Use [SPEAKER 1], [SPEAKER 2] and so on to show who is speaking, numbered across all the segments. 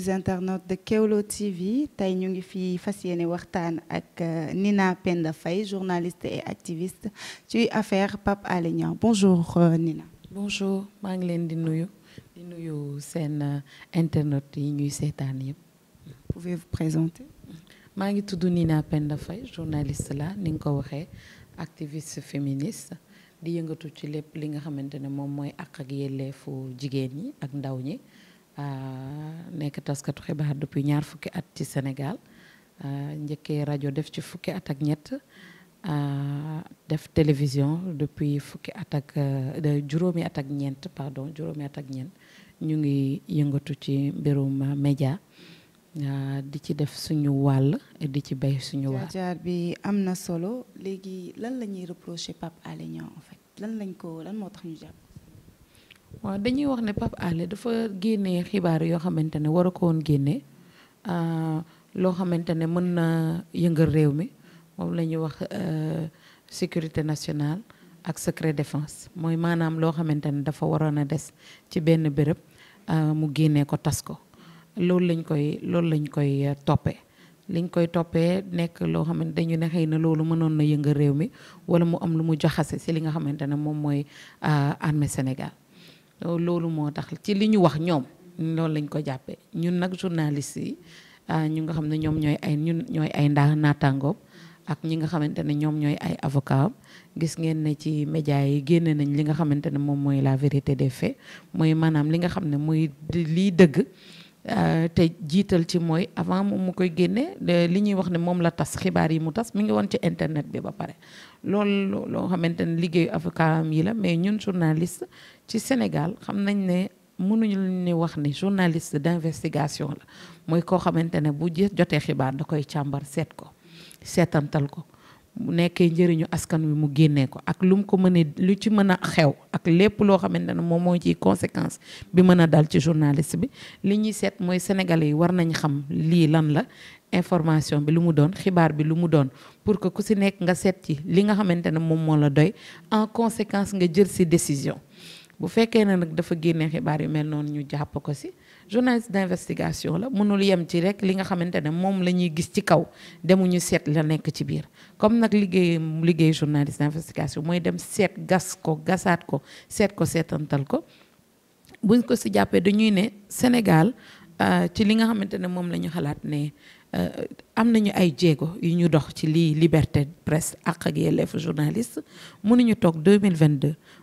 [SPEAKER 1] mes internautes de Kewlo TV tay ñu ngi fi fassiyene waxtaan ak euh, Nina Penda Faye journaliste et activiste ci affaire Pape Alignan. bonjour euh, Nina. bonjour ma ngi leen
[SPEAKER 2] di nuyu di nuyu sen euh, internet yi ñuy sétane yëpp. pouvez vous présenter. Ma ngi tudd Nina Penda Faye journaliste la ni ko activiste féministe. di yëngatu ci lépp li nga xamante ne moom mooy àq ak yelleefu jigéen ñi ak ndaw ñi. Euh, nekk taskatu xibaar depuis ñaar fukki at ci Sénégal euh, njëkkee rajo def ci fukki at ak ñett euh, def télévision depuis fukki at ak juróomi at ak ñeent pardon juróomi ak ñeent ñu ngi yëngatu ci mbirum média di ci def suñu wàll di ci bay suñu wàll.
[SPEAKER 1] jaar bi am na solo léegi lan la ñuy reprocher Pape Alé Niang en fait lan lañ ko lan moo tax ñu jàpp.
[SPEAKER 2] waaw dañuy wax ne Pape Alé dafa génne xibaar yoo xamante ne war ko woon génne ah, loo xamante ne mën na yëngal réew mi moom la ñuy wax euh, sécurité nationale ak secret défense mooy maanaam loo xamante ne dafa waroon a des ci benn béréb ah, mu génne ko tas ko loolu lañ koy loolu lañ koy euh, toppee liñ koy toppee nekk loo xamante dañu ne xëy na loolu mënoon na yëngal réew mi wala mu am lu mu joxase si li nga xamante ne moom mooy euh, armée Sénégal Euh, loolu moo tax ci li ñu wax ñoom loolu lañ ko jàppee ñun nag journaliste yi ah, ñu nga xam ne ñoom ñooy ay ñun ñooy ay ndaa naataangoom ak ñi nga xamante ne ñoom ñooy ay avocat gis ngeen ne ci média yi génne nañ li nga xamante ne moom mooy la vérité des faits mooy maanaam li nga xam ne mooy lii dëgg Euh, te jiital ci mooy avant moom mu koy génne li ñuy wax ne moom la tas xibaar yi mu tas mu ngi woon ci internet bi ba pare lool loo xamante ne liggéeyu avocat yi la mais ñun journaliste ci Sénégal xam nañ ne mënuñu ni wax ni journaliste d'investigation la mooy koo xamante ne bu jotee xibaar da koy càmbar seet ko seetantal ko mu nekkee njëriñu askan wi mu génnee ko ak lu mu ko mënee lu ci mën a xew ak lépp loo xamante ne moom moo ciy conséquence bi mën a dal ci journaliste bi li ñuy seet mooy sénégalais yi war nañ xam lii lan la information bi lu mu doon xibaar bi lu mu doon pour que ku si nekk nga seet ci li nga xamante ne moom moo la doy en conséquence nga jël si décision bu fekkee ne nag dafa génnee xibaar yi mel noonu ñu jàpp ko si journaliste d'investigation la mënul yem ci rek li nga xamante ne moom gis ci kaw demuñu set la nek ci biir comme nak liguey liguey journaliste d'investigation moy dem set gas ko gasat ko set ko setantal ko buñ ko ci jappé dañuy né Sénégal euh, ci li nga xamante ne moom la ñu xalaat ne euh, ay djégo yu ñu dox ci lii liberté presse ak ak yelleefu journaliste mënuñu tok 2022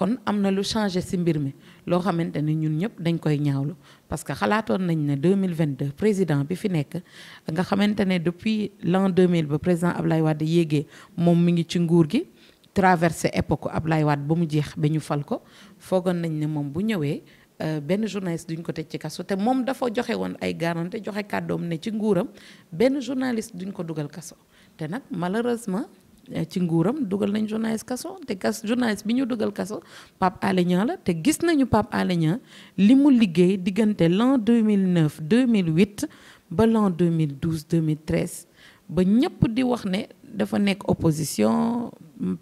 [SPEAKER 2] kon amna lu changer ci mbir mi loo xamante ñun ñëpp dañ koy ñaawlu parce que xalaatoon nañ ne 2022 président bi fi nekk nga xamantene depuis l'an 2000 ba président Ablaye Wade yéegee moom mi ngi ci nguur gi traversé époque Ablaye Wade ba mu jeex ba ñu fal ko foogoon nañ ne moom bu ñëwee euh, benn journaliste duñ ko tëj ci kaso te moom dafa joxe woon ay garantie joxe kàddoom ne ci nguuram benn journaliste duñ ko dugal kaso te nag malheureusement eh, ci nguuram dugal nañ journaliste kasso te kas journaliste bi ñu dugal kasso Pape Alé la te gis nañu Pape Alé Niang li mu liggéey diggante l'an 2009 2008 ba l'an 2012 2013 ba ñëpp di wax ne dafa nekk opposition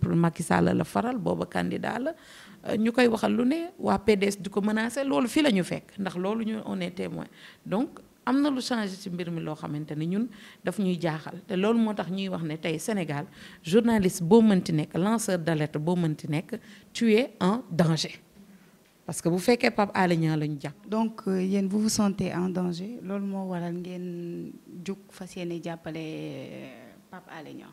[SPEAKER 2] Macky Sall la faral booba candidat la eh, ñu koy waxal lu ne waa PDS di ko menacer loolu fi la ñu fekk ndax loolu ñu on est témoin donc amna lu changé ci mbir mi loo xamante ñun daf ñuy jaaxal té lool motax ñuy wax né tay Sénégal journaliste bo mënti nekk lanceur d'alerte bo mënti nekk tu es en danger parce que bu fekkee Pape Alé Niang la ñu
[SPEAKER 1] donc euh, yeen vous vous sentez en danger lool mo waral ngeen juk fassiyene jappalé pap euh, Pape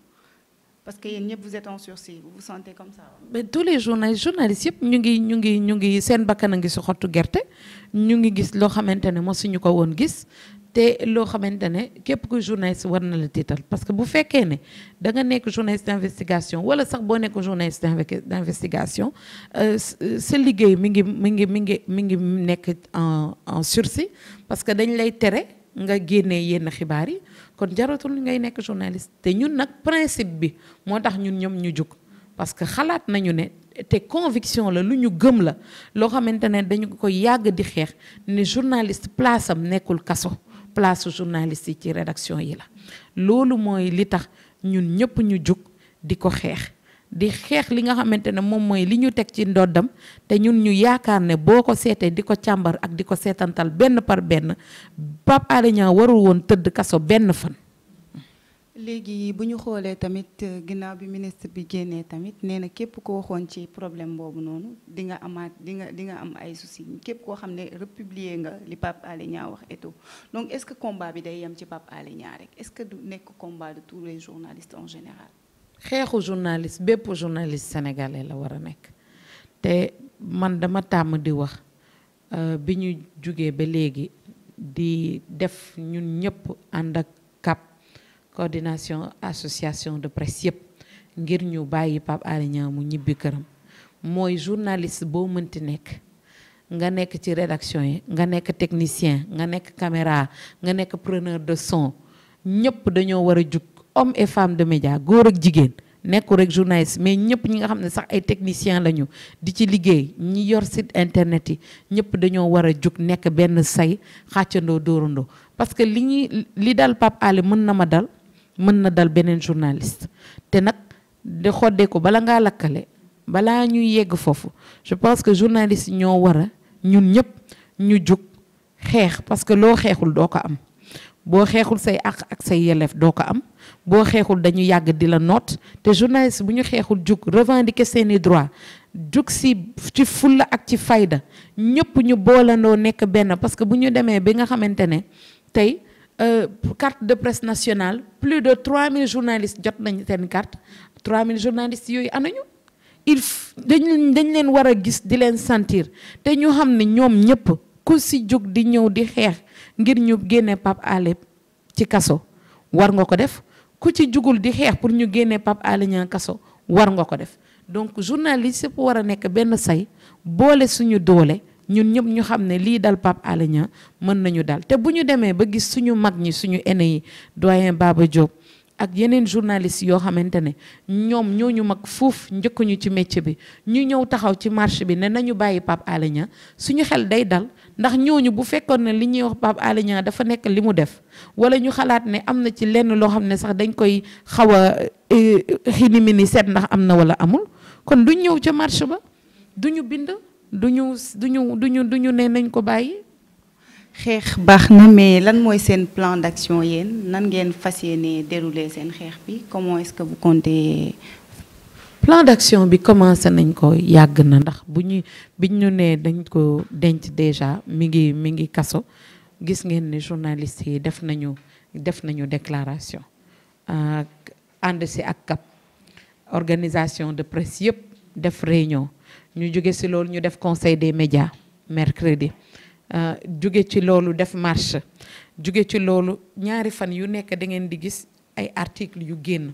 [SPEAKER 1] parce que ñepp vous êtes en sursis vous vous sentez comme ça.
[SPEAKER 2] mais tous les journalistes journalistes yëpp ñu ngi ñu ngi ñu ngi seen bakkan a ngi si xottu gerte ñu ngi gis lo xamante mo suñu ko won gis té lo xamante képp ku journaliste war na la tiital parce que bu féké né da nga nekk journaliste d'investigation wala sax bo nekk journaliste d'investigation euh ce euh, liguey mi ngi mi ngi mi ngi mi ngi nekk en en sursis parce que dañ lay téré nga génnee yenn xibaar yi kon jaratul ngay nekk journaliste te ñun nag principe bi moo tax ñun ñoom ñu jug parce que xalaat nañu ne te conviction la lu ñu gëm la loo xamante ne dañu ko yàgg di xeex ne journaliste place am nekkul kaso place journaliste yi ci rédaction yi la loolu mooy li tax ñun ñëpp ñu jug di ko xeex di xeex li nga xamante ne moom mooy li ñu teg ci ndoddam te ñun ñu yaakaar ne boo ko seetee di ko càmbar ak di ko seetantal benn par benn Pape Alé Niang warul woon tëdd kaso benn fan.
[SPEAKER 1] léegi bu ñu xoolee tamit euh, ginnaaw bi ministre bi génnee tamit nee na képp ko waxoon ci problème boobu noonu di nga amaat di nga di nga am ay soucis képp koo xam ne republier nga li Pape Alé wax et tout donc est-ce que combat bi day yem ci Pape Alé Niang rek est-ce que du nekk combat de tous les journalistes en général.
[SPEAKER 2] xeexu journaliste bépp journaliste sénégalais la war te man dama tàmm di wax euh, ba di def ñun ñëpp ànd ak CAP coordination association de presse ngir ñu bàyyi pap mu ñibbi këram mooy journaliste nga ci rédaction nga technicien nga caméra nga preneur de son ñëpp dañoo war hommes et femmes de médias góor ak jigéen nekkul rek journaliste mais ñëpp ñi nga xam ne sax ay techniciens lañu di ci liggéey ñi yor site internet yi ñëpp dañoo war a jug nekk benn say xàccandoo dóorandoo parce que li ñuy li dal Pape Alé mën na ma dal mën na dal beneen journaliste te nag de xoddee ko bala ngaa lakkale balaa ñuy yegg foofu je pense que journaliste ñoo war a ñun ñëpp ñu jug xeex parce que loo xeexul doo ko am boo xeexul say àq ak say yelleef doo ko am boo xeexul dañu yàgg di la noot te journaliste bu ñu xeexul jug revendiquer seeni droit jug si ci fulla ak ci fayda ñëpp ñu boolandoo nekk benn parce que bu ñu demee bi nga xamante ne tey euh, carte de presse nationale plus de 3000 journalistes jot nañu seen carte mille journalistes yooyu anañu il dañ dañ leen war a gis di leen sentir te ñu xam ne ñoom ñëpp ku si jóg di ñëw di xeex ngir ñu génne Pape Alé ci kaso war nga ko def ku ci jugul di xeex pour ñu génne Pape Alé kaso war nga ko def donc journaliste yëpp war a nekk benn say boole suñu doole ñun ñëpp ñu xam ne lii dal Pape Alé mën nañu dal te bu ñu demee ba gis suñu mag ñi suñu aîné yi doyen Baba Diop ak yeneen journaliste yoo xamante ne ñoom ñoo ñu mag fuuf njëkkuñu ci métier bi ñu ñëw taxaw ci marché bi ne nañu bàyyi Pape Alé suñu xel day dal ndax ñooñu bu fekkoon ne li ñuy wax Pape Alé dafa nekk li mu def wala ñu xalaat ne am na ci lenn loo xam ne sax dañ koy xaw a xinimi eh, seet ndax am na wala amul kon duñ ñëw ca marché ba duñu bind duñu duñu duñu duñu ne nañ ko bàyyi. xeex
[SPEAKER 1] baax na mais lan mooy seen plan d'action yéen nan ngeen fas yéene derulee seen xeex bi comment est que vous comptez
[SPEAKER 2] plan d'action bi commencé nañ ko yag na ndax buñu ñu biñ ñu nee dañ ko denc déjà mi ngi mi ngi kaso gis ngeen ni journaliste yi def nañu def nañu déclaration ànd si ak CAP organisation de presse yep def réunion ñu jóge ci loolu ñu def conseil des médias mercredi euh, jóge ci loolu def marche jóge ci loolu ñaari fan yu nekk da ngeen di gis ay articles yu génn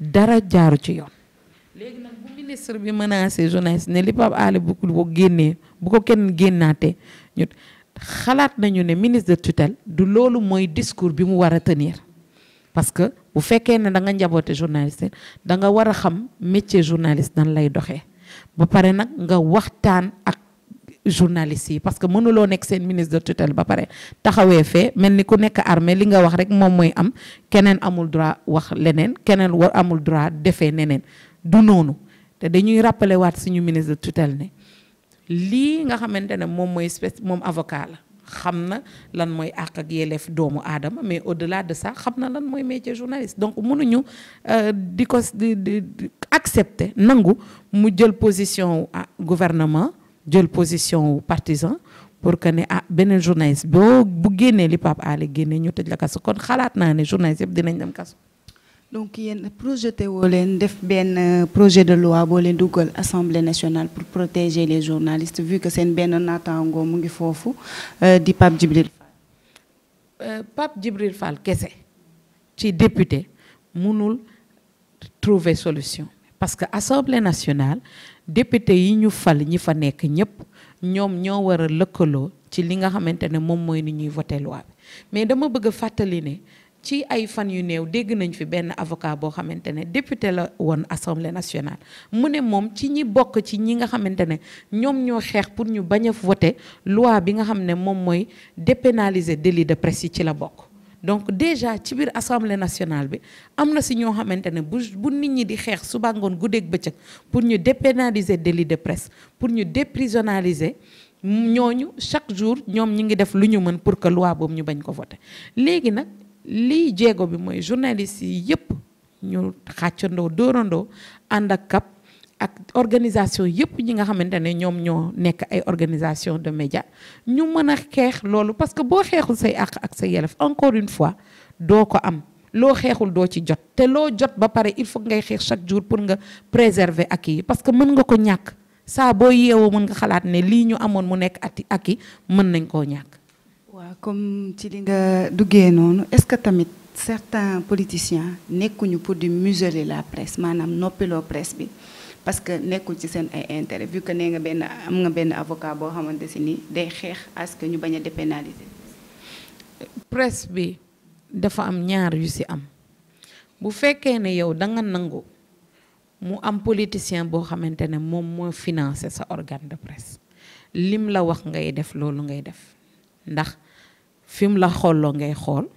[SPEAKER 2] dara jaaru ci yoon léegi nag bu ministre bi menacé journaliste ne li Pape Alé bu ko génnee bu ko kenn génnaatee xalaat nañu ne ministre de du loolu mooy discours bi mu war a tenir parce que bu fekkee ne da nga njaboote journaliste da nga war a xam métier journaliste nan lay doxee ba pare nag nga waxtaan ak journaliste yi parce que mënuloo nekk seen ministre de tutelle ba pare taxawee fee mel ni ku nekk armée li nga wax rek moom mooy am keneen amul droit wax leneen keneen war amul droit defee neneen du noonu te dañuy rappeler waat suñu ministre de tutelle ne lii nga xamante ne moom mooy spéc moom avocat la xam na lan mooy àq ak yelef doomu aadama mais au delà de ça xam na lan mooy métier journaliste donc mënuñu euh, di ko di accepter nangu mu jël position ah, gouvernement jël position partisan pour que ne ah beneen journaliste bo bu guéné li pap Alé guéné ñu tëj la kasso kon xalaat na né journaliste yëpp dinañ dem kasso
[SPEAKER 1] donc yéen projeté woo leen def ben projet de loi bo leen dugal assemblée nationale pour protéger les journalistes vu que seen ben naataangoo mu ngi foofu euh, di pap jibril
[SPEAKER 2] Fall. Euh, pap jibril Fall kessé ci député mënul trouver solution. parce que assemblée nationale député yi ñu fal ñi fa nekk ñëpp ñoom ñoo war a lëkkaloo ci li nga xamante ne moom mooy ni ñuy voté loi bi mais dama bëgg a fàttali ne ci ay fan yu néew dégg nañ fi benn avocat boo xamante ne député la woon assemblée nationale mu ne moom ci ñi bokk ci ñi nga xamante ne ñoom ñoo xeex pour ñu bañ a voté loi bi nga xam ne moom mooy dépénaliser délit de presse yi ci la bokk donc déjà ci assemblée nationale bi am a si ñoo de bu pour ñu dépénaliser délits de presse pour nous déprisonnaliser chaque jour nous ñi ngi def lu pour que loi soit ñu bañ ko voter léegi les journalistes, les bi journalistes yépp ont ak organisation yëpp ñi nga xamante ne ñoom ñoo nekk ay organisation de médias ñu mën a xeex loolu parce que boo xeexul say àq ak sa yelef encore une fois doo ko am loo xeexul doo ci jot te loo jot ba pare il faut ngay xeex chaque jour pour nga préserver ak yi parce que mën nga ko ñàkk saa boo yeewoo mën nga xalaat ne lii ñu amoon mu nekk ati ak yi mën nañ koo ñàkk
[SPEAKER 1] waaw comme ci li
[SPEAKER 2] nga duggee
[SPEAKER 1] noonu est-ce que tamit certains politiciens nekkuñu pour de museler la presse maanaam noppiloo presse bi parce que nekkul ci seen ay intérêt vu que nous nga benn am nga benn avocat boo xamante si ni day xeex à ce que ñu bañ a dépénaliser.
[SPEAKER 2] presse bi dafa am ñaar yu ci am bu fekkee ne yow da nga nangu mu am politicien boo xamante ne moom financer sa organe de presse lim la wax ngay def loolu ngay def ndax fim la xooloo ngay xol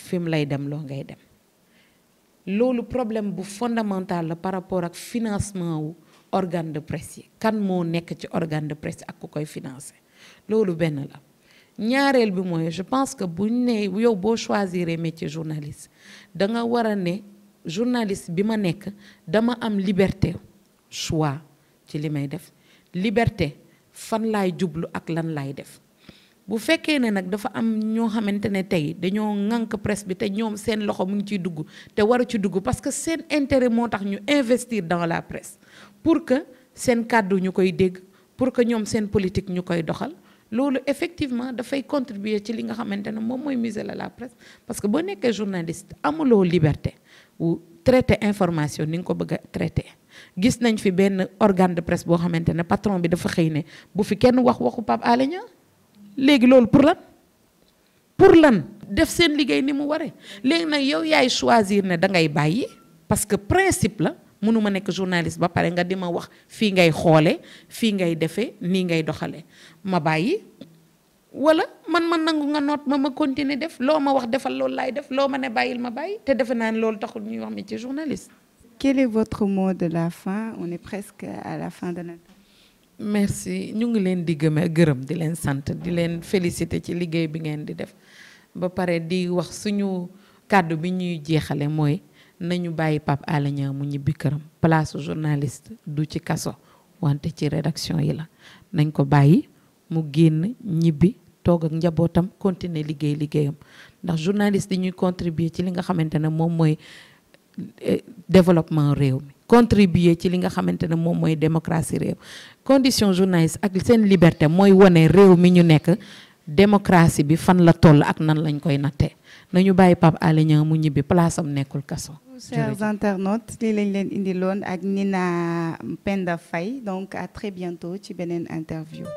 [SPEAKER 2] fi lay dem lo ngay dem lolu problème bu fondamental la par rapport ak financement wu organe de presse yi kan mo nek ci organe de presse ak ku koy financer lolu ben la ñaarel bi moy je pense que buñ ne yow bo choisir métier journaliste da nga wara a ne journaliste bima nek dama am liberté choix ci limay def liberté fan lay djublu ak lan lay def bu fekkee ne nag dafa am ñoo xamante ne tey dañoo ŋànk presse bi te ñoom seen loxo mu ngi ciy dugg te war a ci dugg parce que seen intérêt moo tax ñu investir dans la presse pour que seen kàddu ñu koy dégg pour que ñoom seen politique ñu koy doxal loolu effectivement dafay contribuer ci li nga xamante ne moom mooy museler la presse parce que boo nekkee journaliste amuloo liberté wu traité information ni nga ko bëgg traité gis nañ fi benn organe de presse boo xamante ne patron bi dafa xëy ne bu fi kenn wax waxu Pape Alé Niang léegi loolu pour lan pour lan def seen liggéey ni mu waree léegi nag yow yaay choisir ne da ngay bàyyi parce que principe la mënuma nekk journaliste ba pare nga di ma wax fii ngay xoole fii ngay defee nii ngay doxalee ma bàyyi wala man ma nangu nga noot ma ma continuer def loo ma wax defal loolu laay def loo ma ne bàyyil ma bàyyi te defe naa ne loolu taxul ñuy wax métier journaliste. Quel est
[SPEAKER 1] votre mot de la fin? On est presque à la fin de notre
[SPEAKER 2] merci ñu ngi leen di gëme gërëm di leen sant di leen félicité ci liggéey bi ngeen di def ba pare di wax suñu kàddu bi ñuy jeexale mooy nañu bàyyi Pape Alé mu ñibbi këram place journaliste du ci kaso wante ci rédaction yi la nañ ko bàyyi mu génn ñibbi toog ak njabootam continuer liggéey liggéeyam ndax journaliste yi ñuy contribuer ci li nga xamante ne moom mooy eh, développement réew mi contribuer ci li nga xamantene mom moy démocratie réew condition journaliste ak sen liberté moy woné réew mi ñu nek démocratie bi fan la toll ak nan lañ koy naté nañu bàyyi Pape Alé Niang mu ñibbi place am nekkul kaso chers
[SPEAKER 1] internautes li lañ leen indi loon ak Nina Penda fay donc à très bientôt ci beneen interview